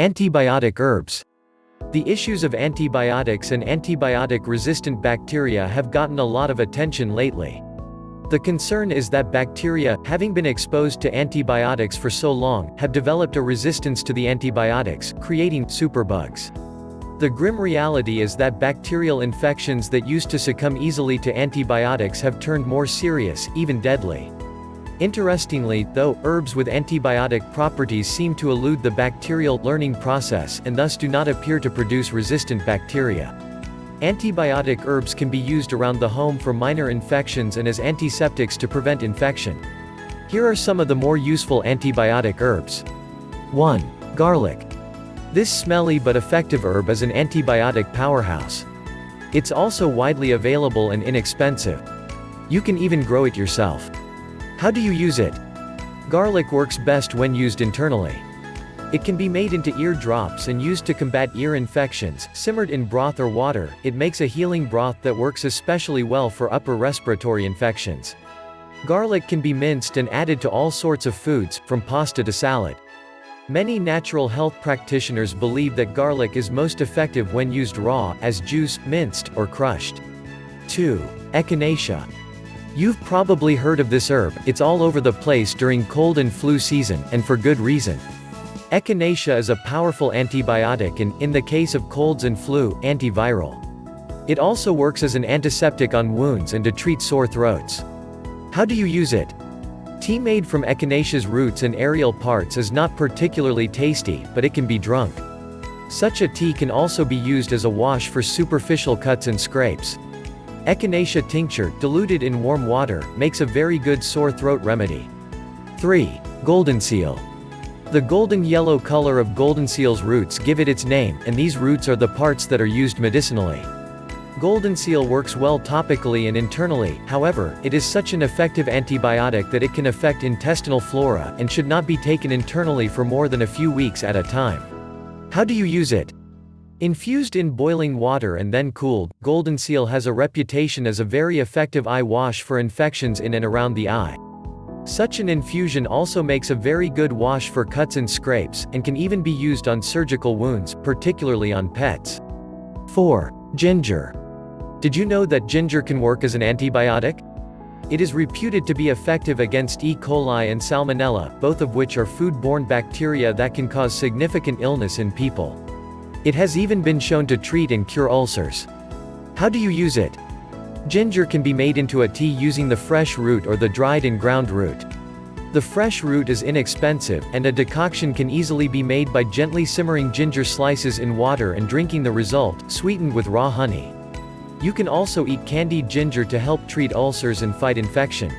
Antibiotic herbs. The issues of antibiotics and antibiotic-resistant bacteria have gotten a lot of attention lately. The concern is that bacteria, having been exposed to antibiotics for so long, have developed a resistance to the antibiotics, creating superbugs. The grim reality is that bacterial infections that used to succumb easily to antibiotics have turned more serious, even deadly. Interestingly, though, herbs with antibiotic properties seem to elude the bacterial learning process and thus do not appear to produce resistant bacteria. Antibiotic herbs can be used around the home for minor infections and as antiseptics to prevent infection. Here are some of the more useful antibiotic herbs. 1. Garlic. This smelly but effective herb is an antibiotic powerhouse. It's also widely available and inexpensive. You can even grow it yourself. How do you use it? Garlic works best when used internally. It can be made into ear drops and used to combat ear infections, simmered in broth or water, it makes a healing broth that works especially well for upper respiratory infections. Garlic can be minced and added to all sorts of foods, from pasta to salad. Many natural health practitioners believe that garlic is most effective when used raw, as juice, minced, or crushed. 2. Echinacea. You've probably heard of this herb, it's all over the place during cold and flu season, and for good reason. Echinacea is a powerful antibiotic and, in the case of colds and flu, antiviral. It also works as an antiseptic on wounds and to treat sore throats. How do you use it? Tea made from echinacea's roots and aerial parts is not particularly tasty, but it can be drunk. Such a tea can also be used as a wash for superficial cuts and scrapes. Echinacea tincture, diluted in warm water, makes a very good sore throat remedy. 3. Golden seal. The golden yellow color of golden seal's roots give it its name, and these roots are the parts that are used medicinally. Golden seal works well topically and internally, however, it is such an effective antibiotic that it can affect intestinal flora, and should not be taken internally for more than a few weeks at a time. How do you use it? Infused in boiling water and then cooled, golden seal has a reputation as a very effective eye wash for infections in and around the eye. Such an infusion also makes a very good wash for cuts and scrapes, and can even be used on surgical wounds, particularly on pets. 4. Ginger. Did you know that ginger can work as an antibiotic? It is reputed to be effective against E. coli and Salmonella, both of which are food-borne bacteria that can cause significant illness in people. It has even been shown to treat and cure ulcers. How do you use it? Ginger can be made into a tea using the fresh root or the dried and ground root. The fresh root is inexpensive, and a decoction can easily be made by gently simmering ginger slices in water and drinking the result, sweetened with raw honey. You can also eat candied ginger to help treat ulcers and fight infection.